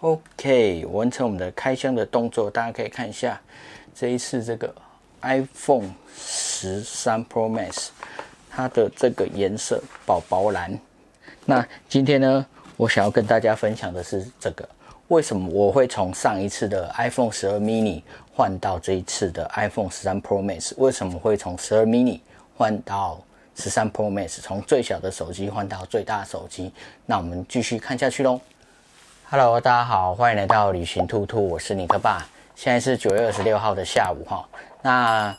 OK，完成我們的開箱的動作，大家可以看一下這一次這個 iPhone 十三 Pro Max 它的這個顏色寶寶藍。那今天呢，我想要跟大家分享的是這個，為什麼我會從上一次的 iPhone 十二 mini 換到這一次的 iPhone 十三 Pro Max？為什麼會從十二 mini 換到十三 Pro Max？從最小的手機換到最大手機？那我們繼續看下去嘍。Hello，大家好，歡迎來到旅行兔兔，我是尼克爸。現在是九月二十六號的下午哈，那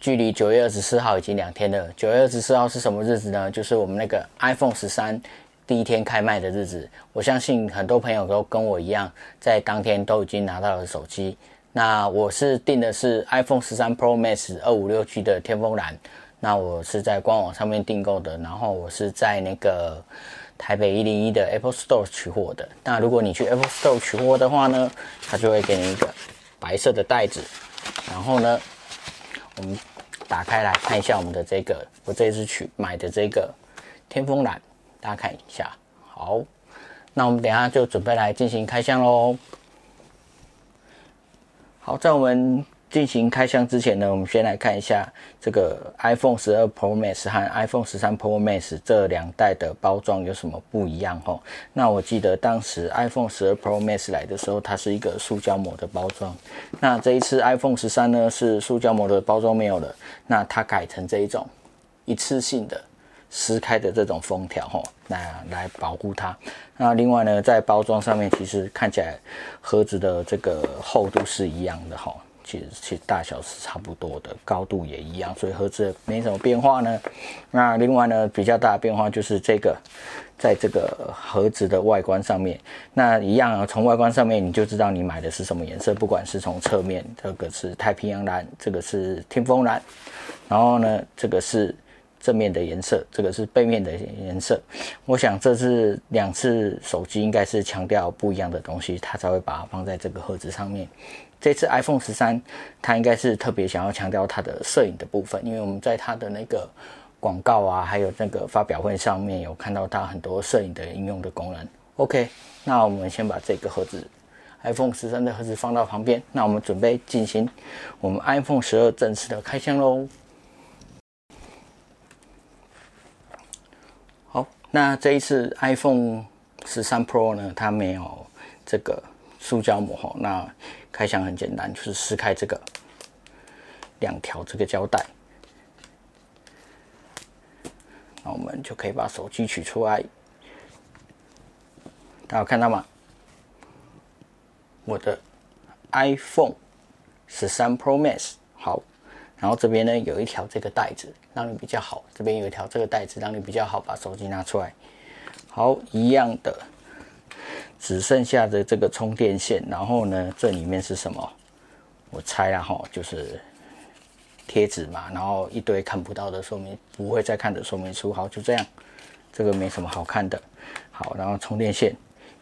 距離九月二十四號已經兩天了。九月二十四號是什麼日子呢？就是我們那個 iPhone 十三第一天開賣的日子。我相信很多朋友都跟我一樣，在當天都已經拿到了手機。那我是訂的是 iPhone 十三 Pro Max 二五六 G 的天峰藍，那我是在官網上面訂購的，然後我是在那個。台北一零一的 Apple Store 取貨的。那如果你去 Apple Store 取貨的話呢，它就會給你一個白色的袋子。然後呢，我們打開來看一下我們的這個，我這次去買的這個天空藍，大家看一下。好，那我們等一下就準備來進行開箱嘍。好，在我們。進行開箱之前呢，我們先來看一下這個 iPhone 12 Pro Max 和 iPhone 13 Pro Max 這兩代的包裝有什麼不一樣哈。那我記得當時 iPhone 12 Pro Max 來的時候，它是一個塑膠膜的包裝。那這一次 iPhone 13呢，是塑膠膜的包裝沒有了，那它改成這一種一次性的撕開的這種封條哈，來來保護它。那另外呢，在包裝上面其實看起來盒子的這個厚度是一樣的哈。其實其實大小是差不多的，高度也一樣，所以盒子沒什麼變化呢。那另外呢，比較大的變化就是這個，在這個盒子的外觀上面，那一樣啊，從外觀上面你就知道你買的是什麼顏色。不管是從側面，這個是太平洋藍，這個是天峰藍，然後呢，這個是正面的顏色，這個是背面的顏色。我想這次兩次手機應該是強調不一樣的東西，它才會把它放在這個盒子上面。這次 iPhone 十三，它應該是特別想要強調它的攝影的部分，因為我們在它的那個廣告啊，還有那個發表會上面，有看到它很多攝影的應用的功能。OK，那我們先把這個盒子，iPhone 十三的盒子放到旁邊，那我們準備進行我們 iPhone 十二正式的開箱嘍。好，那這一次 iPhone 十三 Pro 呢，它沒有這個塑膠膜，那。開箱很簡單，就是撕開這個兩條這個膠帶，那我們就可以把手機取出來。大家有看到嗎？我的 iPhone 13 Pro Max。好，然後這邊呢，有一條這個袋子，讓你比較好。這邊有一條這個袋子，讓你比較好把手機拿出來。好，一樣的。只剩下的這個充電線，然後呢，這裡面是什麼？我猜啊，哈，就是貼紙嘛，然後一堆看不到的說明，不會再看的說明書。好，就這樣，這個沒什麼好看的。好，然後充電線，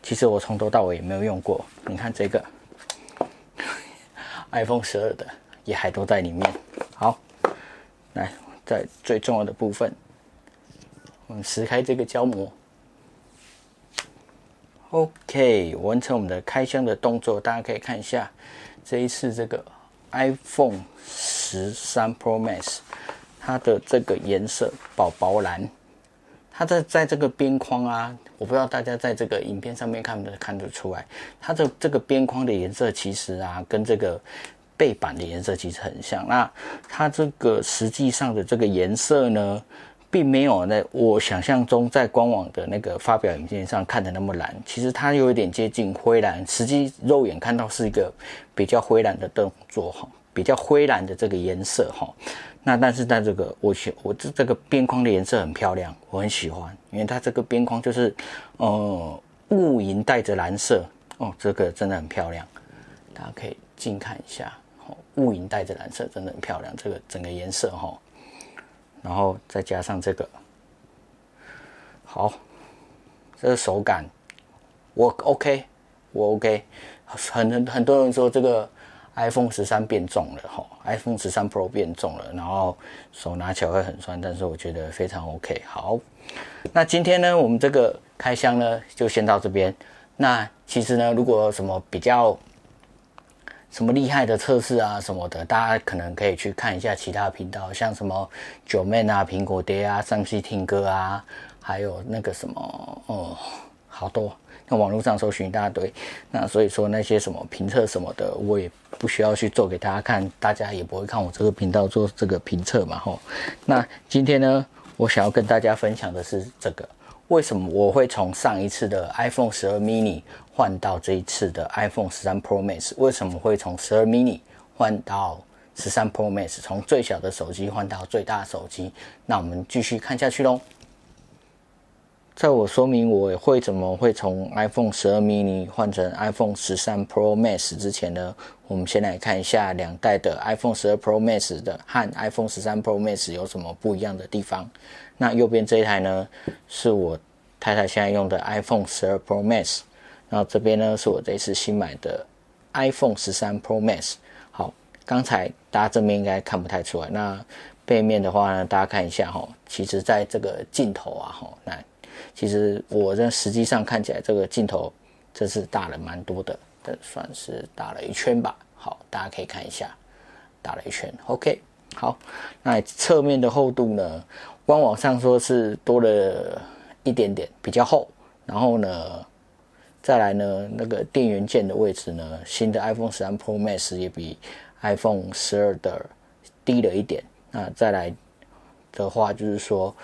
其實我從頭到尾也沒有用過。你看這個 ，iPhone 十二的也還都在裡面。好，來，在最重要的部分，我們撕開這個膠膜。OK，完成我們的開箱的動作，大家可以看一下這一次這個 iPhone 13 Pro Max，它的這個顏色寶寶藍，它在在這個邊框啊，我不知道大家在這個影片上面看不看得出來，它這這個邊框的顏色其實啊，跟這個背板的顏色其實很像。那它這個實際上的這個顏色呢？並沒有那我想象中在官網的那個發表影片上看的那麼藍，其實它有一點接近灰藍，實際肉眼看到是一個比較灰藍的動作，比較灰藍的這個顏色哈。那但是在這個我喜我這這個邊框的顏色很漂亮，我很喜歡，因為它這個邊框就是，哦、呃，霧銀帶着藍色，哦，這個真的很漂亮，大家可以近看一下，霧銀帶着藍色真的很漂亮，這個整個顏色哈。然後再加上這個，好，這個手感我 OK，我 OK，很很很多人說這個 iPhone 十三變重了哈，哦，iPhone 十三 Pro 變重了，然後手拿起來會很酸，但是我覺得非常 OK。好，那今天呢，我們這個開箱呢就先到這邊。那其實呢，如果有什麼比較什麼厲害的測試啊，什麼的，大家可能可以去看一下其他頻道，像什麼 Joeman 啊、蘋果爹啊、上戲聽歌啊，還有那個什麼哦，好多，那網絡上搜尋一大堆。那所以說那些什麼評測什麼的，我也不需要去做給大家看，大家也不會看我這個頻道做這個評測嘛。吼，那今天呢，我想要跟大家分享的是這個。為什麼我會從上一次的 iPhone 十二 mini 換到這一次的 iPhone 十三 Pro Max？為什麼會從十二 mini 換到十三 Pro Max？從最小的手機換到最大手機，那我們繼續看下去嘍。在我說明我會怎麼會從 iPhone 十二 mini 換成 iPhone 十三 Pro Max 之前呢，我們先來看一下兩代的 iPhone 十二 Pro Max 的和 iPhone 十三 Pro Max 有什麼不一樣的地方。那右邊這一台呢，是我太太現在用的 iPhone 十二 Pro Max，然後這邊呢，是我這次新買的 iPhone 十三 Pro Max。好，剛才大家正面應該看不太出來。那背面的話呢，大家看一下哈，其實在這個鏡頭啊，哈，那。其實我這實際上看起來，這個鏡頭真是大了蠻多的，這算是大了一圈吧。好，大家可以看一下，大了一圈。OK，好，那側面的厚度呢？官網上說是多了一點點，比較厚。然後呢，再來呢，那個電源鍵的位置呢，新的 iPhone 十三 Pro Max 也比 iPhone 十二的低了一點。那再來的話，就是說。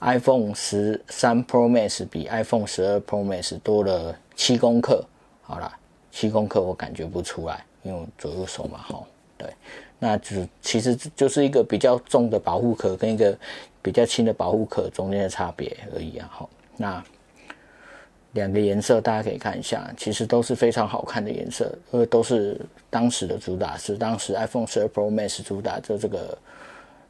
iPhone 十三 Pro Max 比 iPhone 十二 Pro Max 多了七公克，好啦，七公克我感覺不出來，因為我左右手嘛，吼，對，那就其實就是一個比較重的保護殼跟一個比較輕的保護殼中間的差別而已啊，吼，那兩個顏色大家可以看一下，其實都是非常好看的顏色，呃，都是當時的主打，是當時 iPhone 十二 Pro Max 主打就這個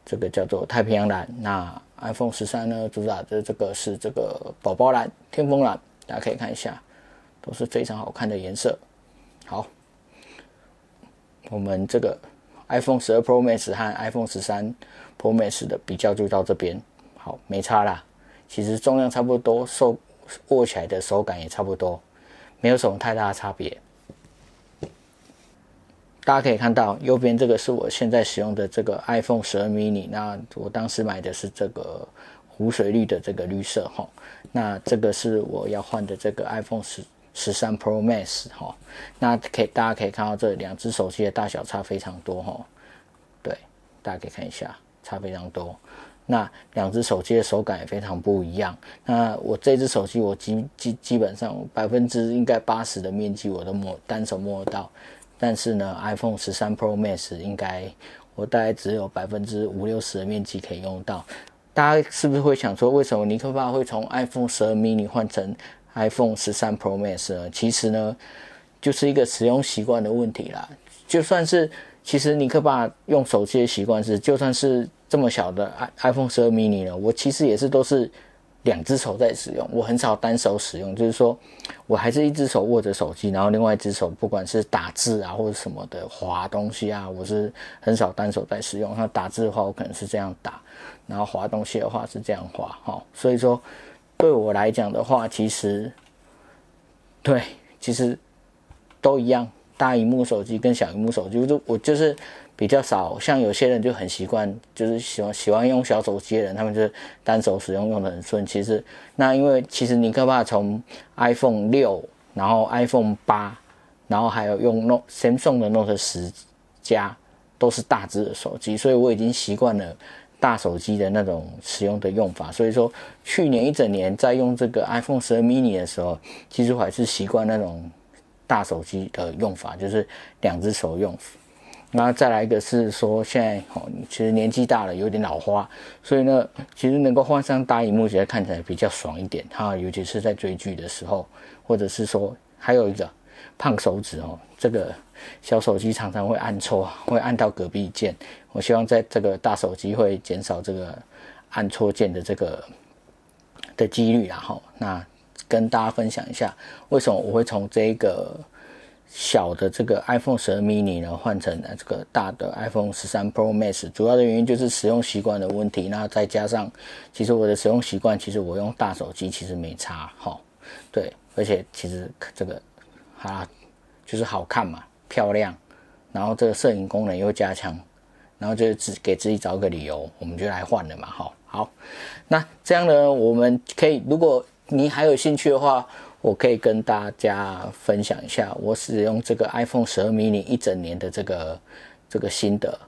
這個叫做太平洋藍，那。iPhone 十三呢，主打的這個是這個寶寶藍、天峰藍，大家可以看一下，都是非常好看的顏色。好，我們這個 iPhone 十二 Pro Max 和 iPhone 十三 Pro Max 的比較就到這邊。好，沒差啦，其實重量差不多，手握起來的手感也差不多，沒有什麼太大的差別。大家可以看到，右邊這個是我現在使用的這個 iPhone 十二 mini，那我當時買的是這個湖水綠的這個綠色哈，那這個是我要換的這個 iPhone 十十三 Pro Max 哈，那可以，大家可以看到這兩只手機的大小差非常多哈，對，大家可以看一下，差非常多。那兩只手機的手感也非常不一樣。那我這只手機，我基基基本上百分之應該八十的面積我都摸，單手摸得到。但是呢，iPhone 十三 Pro Max 應該我大概只有百分之五六十的面積可以用到。大家是不是會想說，為什麼尼克爸會從 iPhone 十二 mini 換成 iPhone 十三 Pro Max 呢？其實呢，就是一個使用習慣的問題啦。就算是其實尼克爸用手機的習慣是，就算是這麼小的 iPhone 十二 mini 了，我其實也是都是。兩隻手在使用，我很少單手使用，就是說我還是一隻手握着手機，然後另外一隻手不管是打字啊或者什麼的滑東西啊，我是很少單手在使用。那打字的話，我可能是這樣打，然後滑東西的話是這樣滑。好、哦，所以說對我來講的話，其實對，其實都一樣，大螢幕手機跟小螢幕手機，我就我就是。比較少，像有些人就很習慣，就是喜歡喜歡用小手機的人，他們就是單手使用用的很順。其實，那因為其實你可怕從 iPhone 六，然後 iPhone 八，然後還有用 n Samsung 的 Note 十加，都是大只的手機，所以我已經習慣了大手機的那種使用的用法。所以說，去年一整年在用這個 iPhone 十二 mini 的時候，其實我還是習慣那種大手機的用法，就是兩只手用。那再來一個是說，現在哦，其實年紀大了有點老花，所以呢，其實能夠換上大螢幕，覺得看起來比較爽一點哈。尤其是在追劇的時候，或者是說，還有一個胖手指哦，這個小手機常常會按錯，會按到隔壁鍵。我希望在這個大手機會減少這個按錯鍵的這個的幾率啊哈。那跟大家分享一下，為什麼我會從這個。小的這個 iPhone 12 mini 呢，換成了這個大的 iPhone 13 Pro Max，主要的原因就是使用習慣的問題。那再加上，其實我的使用習慣，其實我用大手機其實沒差哈、哦。對，而且其實這個它、啊、就是好看嘛，漂亮，然後這個攝影功能又加強，然後就自給自己找個理由，我們就來換了嘛。好、哦，好，那這樣呢，我們可以，如果你還有興趣的話。我可以跟大家分享一下我使用這個 iPhone 十二 mini 一整年的這個這個心得。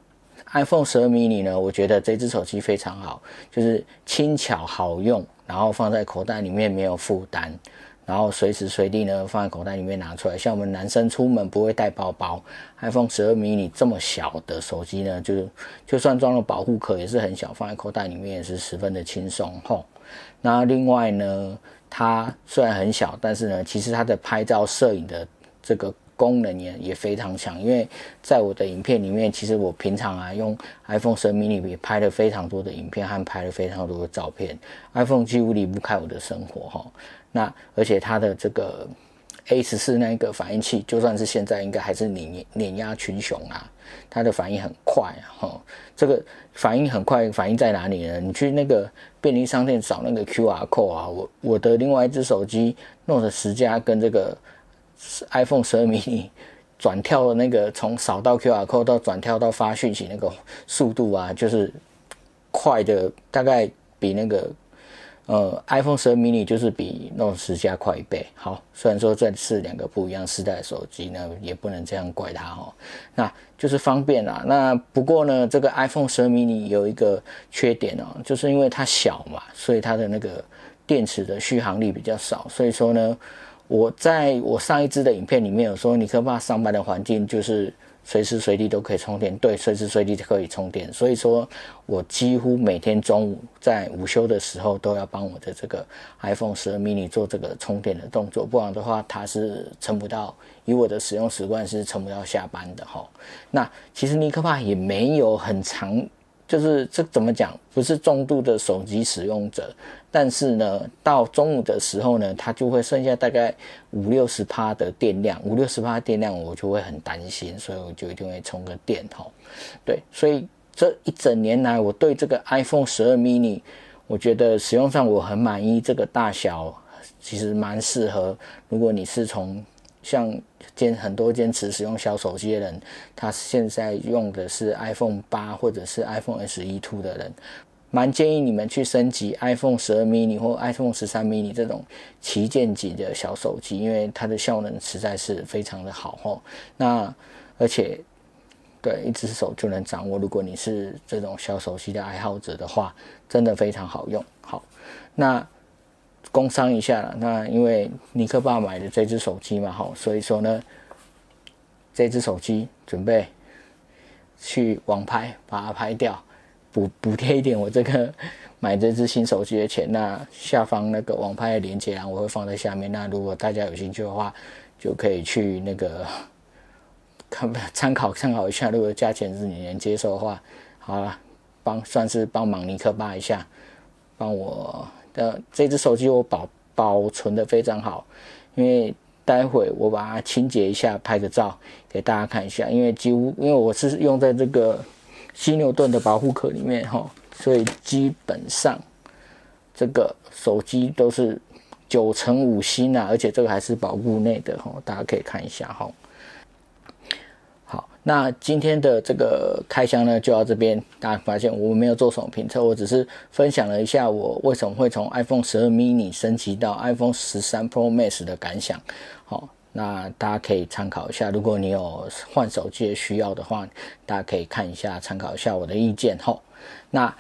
iPhone 十二 mini 呢，我覺得這支手機非常好，就是輕巧好用，然後放在口袋裡面沒有負擔，然後隨時隨地呢放在口袋裡面拿出來。像我們男生出門不會帶包包，iPhone 十二 mini 這麼小的手機呢，就是就算裝了保護殼也是很小，放在口袋裡面也是十分的輕鬆。吼，那另外呢？它雖然很小，但是呢，其實它的拍照、攝影的這個功能也也非常強。因為在我的影片裡面，其實我平常啊用 iPhone 12 Mini 也拍了非常多的影片和拍了非常多的照片，iPhone 幾乎離不開我的生活哈。那而且它的這個。A 十四那個反應器，就算是現在，應該還是碾碾壓群雄啊！它的反應很快啊，吼，這個反應很快，反應在哪裡呢？你去那個便利商店找那個 QR code 啊，我我的另外一隻手機 Note 十加跟這個 iPhone 十二 mini 轉跳的那個從掃到 QR code 到轉跳到發訊息那個速度啊，就是快的大概比那個。呃、嗯、，iPhone 十二 mini 就是比 Note 十加快一倍。好，雖然說這是兩個不一樣世代的手機，呢也不能這樣怪它哦。那就是方便啦。那不過呢，這個 iPhone 十二 mini 有一個缺點哦，就是因為它小嘛，所以它的那個電池的續航力比較少。所以說呢，我在我上一支的影片裡面有說，尼克爸上班的環境就是。隨時隨地都可以充電，對，隨時隨地都可以充電。所以說，我幾乎每天中午在午休的時候都要幫我的這個 iPhone 12 mini 做這個充電的動作，不然的話它是撐不到。以我的使用習慣是撐不到下班的吼，那其實尼克爸也沒有很長。就是這怎麼講？不是重度的手機使用者，但是呢，到中午的時候呢，它就會剩下大概五六十趴的電量，五六十趴的電量我就會很擔心，所以我就一定會充個電吼、哦。對，所以這一整年來我對這個 iPhone 十二 mini，我覺得使用上我很滿意，這個大小其實蠻適合。如果你是從像堅很多堅持使用小手機的人，他現在用的是 iPhone 八或者是 iPhone SE two 的人，蠻建議你們去升級 iPhone 十二 mini 或 iPhone 十三 mini 這種旗艦級的小手機，因為它的效能實在是非常的好齁。那而且對，一只手就能掌握。如果你是這種小手機的愛好者的話，真的非常好用。好，那。工商一下了，那因為尼克爸買的這隻手機嘛，好，所以說呢，這隻手機準備去網拍把它拍掉，補補貼一點我這個買這隻新手機的錢。那下方那個網拍的鏈接啊，我會放在下面。那如果大家有興趣的話，就可以去那個看參考參考一下。如果價錢是你能接受的話，好啦，幫算是幫忙尼克爸一下，幫我。呃，這只手機我保保存的非常好，因為待會我把它清潔一下，拍個照給大家看一下。因為幾乎，因為我是用在這個犀牛盾的保護殼裡面哈、哦，所以基本上這個手機都是九成五新啊，而且這個還是保固內的哈、哦，大家可以看一下哈。哦那今天的這個開箱呢，就到這邊。大家發現我沒有做什麼評測，我只是分享了一下我為什麼會從 iPhone 十二 mini 升級到 iPhone 十三 Pro Max 的感想。好、哦，那大家可以參考一下，如果你有換手機的需要的話，大家可以看一下，參考一下我的意見。好、哦，那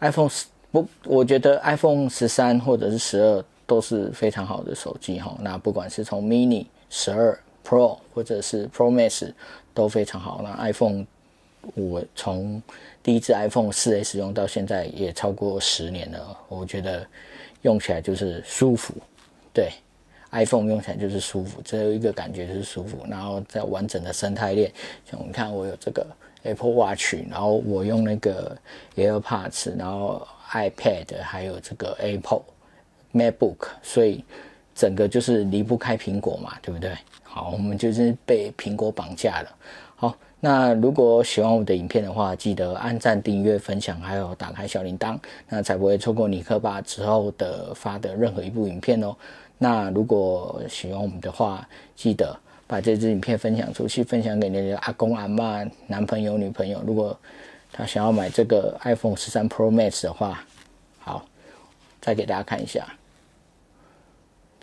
iPhone 十，不，我覺得 iPhone 十三或者是十二都是非常好的手機。哈、哦，那不管是從 mini 十二。Pro 或者是 Pro Max 都非常好。那 iPhone，我從第一支 iPhone 4S 使用到現在也超過十年了，我覺得用起來就是舒服。對，iPhone 用起來就是舒服，只有一個感覺就是舒服。然後在完整的生態鏈，像你看我有這個 Apple Watch，然後我用那個 AirPods，然後 iPad，還有這個 Apple MacBook，所以。整個就是離不開蘋果嘛，對不對？好，我們就是被蘋果綁架了。好，那如果喜歡我們的影片的話，記得按讚、訂閱、分享，還有打開小鈴鐺，那才不會錯過尼克爸之後的發的任何一部影片哦。那如果喜歡我們的話，記得把這支影片分享出去，分享給你的阿公阿嬤、男朋友女朋友。如果他想要買這個 iPhone 13 Pro Max 的話，好，再給大家看一下。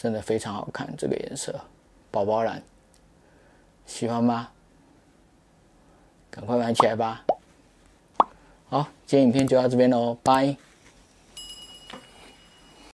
真的非常好看，這個顏色，寶寶藍，喜歡嗎？趕快玩起來吧！好，今天影片就到這邊嘍，拜。